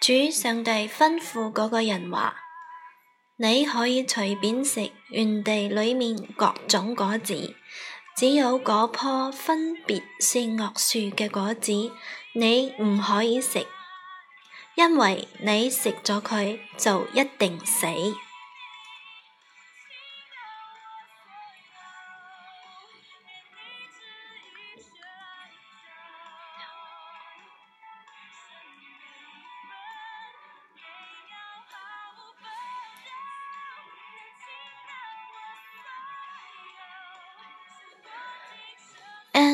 主上帝吩咐嗰個人話：你可以隨便食園地裏面各種果子，只有嗰棵分別善惡樹嘅果子，你唔可以食，因為你食咗佢就一定死。